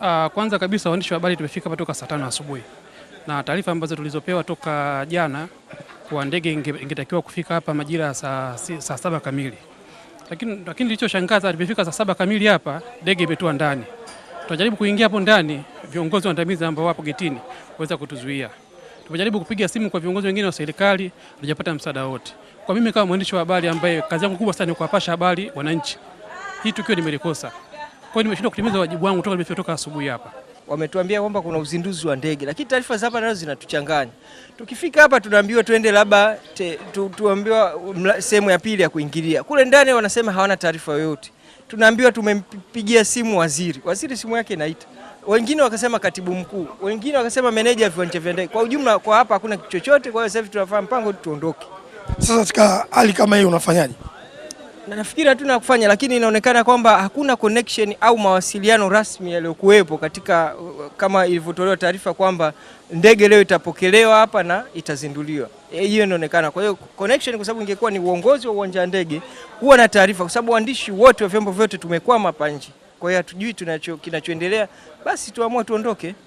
Uh, kwanza kabisa waandishi wa habari tumefika hapa toka saa tano asubuhi na taarifa ambazo tulizopewa toka jana kwa ndege ingetakiwa kufika hapa majira ya saa, saa saba kamili, lakini lakini kilichoshangaza tumefika saa saba kamili hapa ndege imetua ndani. Tunajaribu kuingia hapo ndani, viongozi waandamizi ambao wapo getini waweza kutuzuia. Tumejaribu kupiga simu kwa viongozi wengine wa serikali, hatujapata msaada wote. Kwa mimi kama mwandishi wa habari ambaye kazi yangu kubwa sana ni kuwapasha habari wananchi, hii tukio nimelikosa. Kwa hiyo nimeshindwa kutimiza wajibu wangu toka nilipotoka asubuhi hapa. Wametuambia kwamba kuna uzinduzi wa ndege, lakini taarifa za hapa nazo zinatuchanganya. Tukifika hapa tunaambiwa twende labda tu, tuambiwa sehemu ya pili ya kuingilia, kule ndani wanasema hawana taarifa yoyote. Tunaambiwa tumempigia simu waziri, waziri simu yake inaita wengine wakasema katibu mkuu, wengine wakasema meneja viwanja vya ndege. Kwa ujumla, kwa hapa hakuna kitu chochote. Kwa hiyo sasa hivi tunafanya mpango tuondoke. Sasa katika hali kama hii unafanyaje? nafikiri hatuna kufanya, lakini inaonekana kwamba hakuna connection au mawasiliano rasmi yaliyokuwepo katika, uh, kama ilivyotolewa taarifa kwamba ndege leo itapokelewa hapa na itazinduliwa. Eh, hiyo inaonekana. Kwa hiyo connection, kwa sababu ingekuwa ni uongozi wa uwanja wa ndege huwa na taarifa, kwa sababu waandishi wote wa vyombo vyote tumekwama hapa nje, kwa hiyo hatujui tunacho kinachoendelea, basi tuamua tuondoke.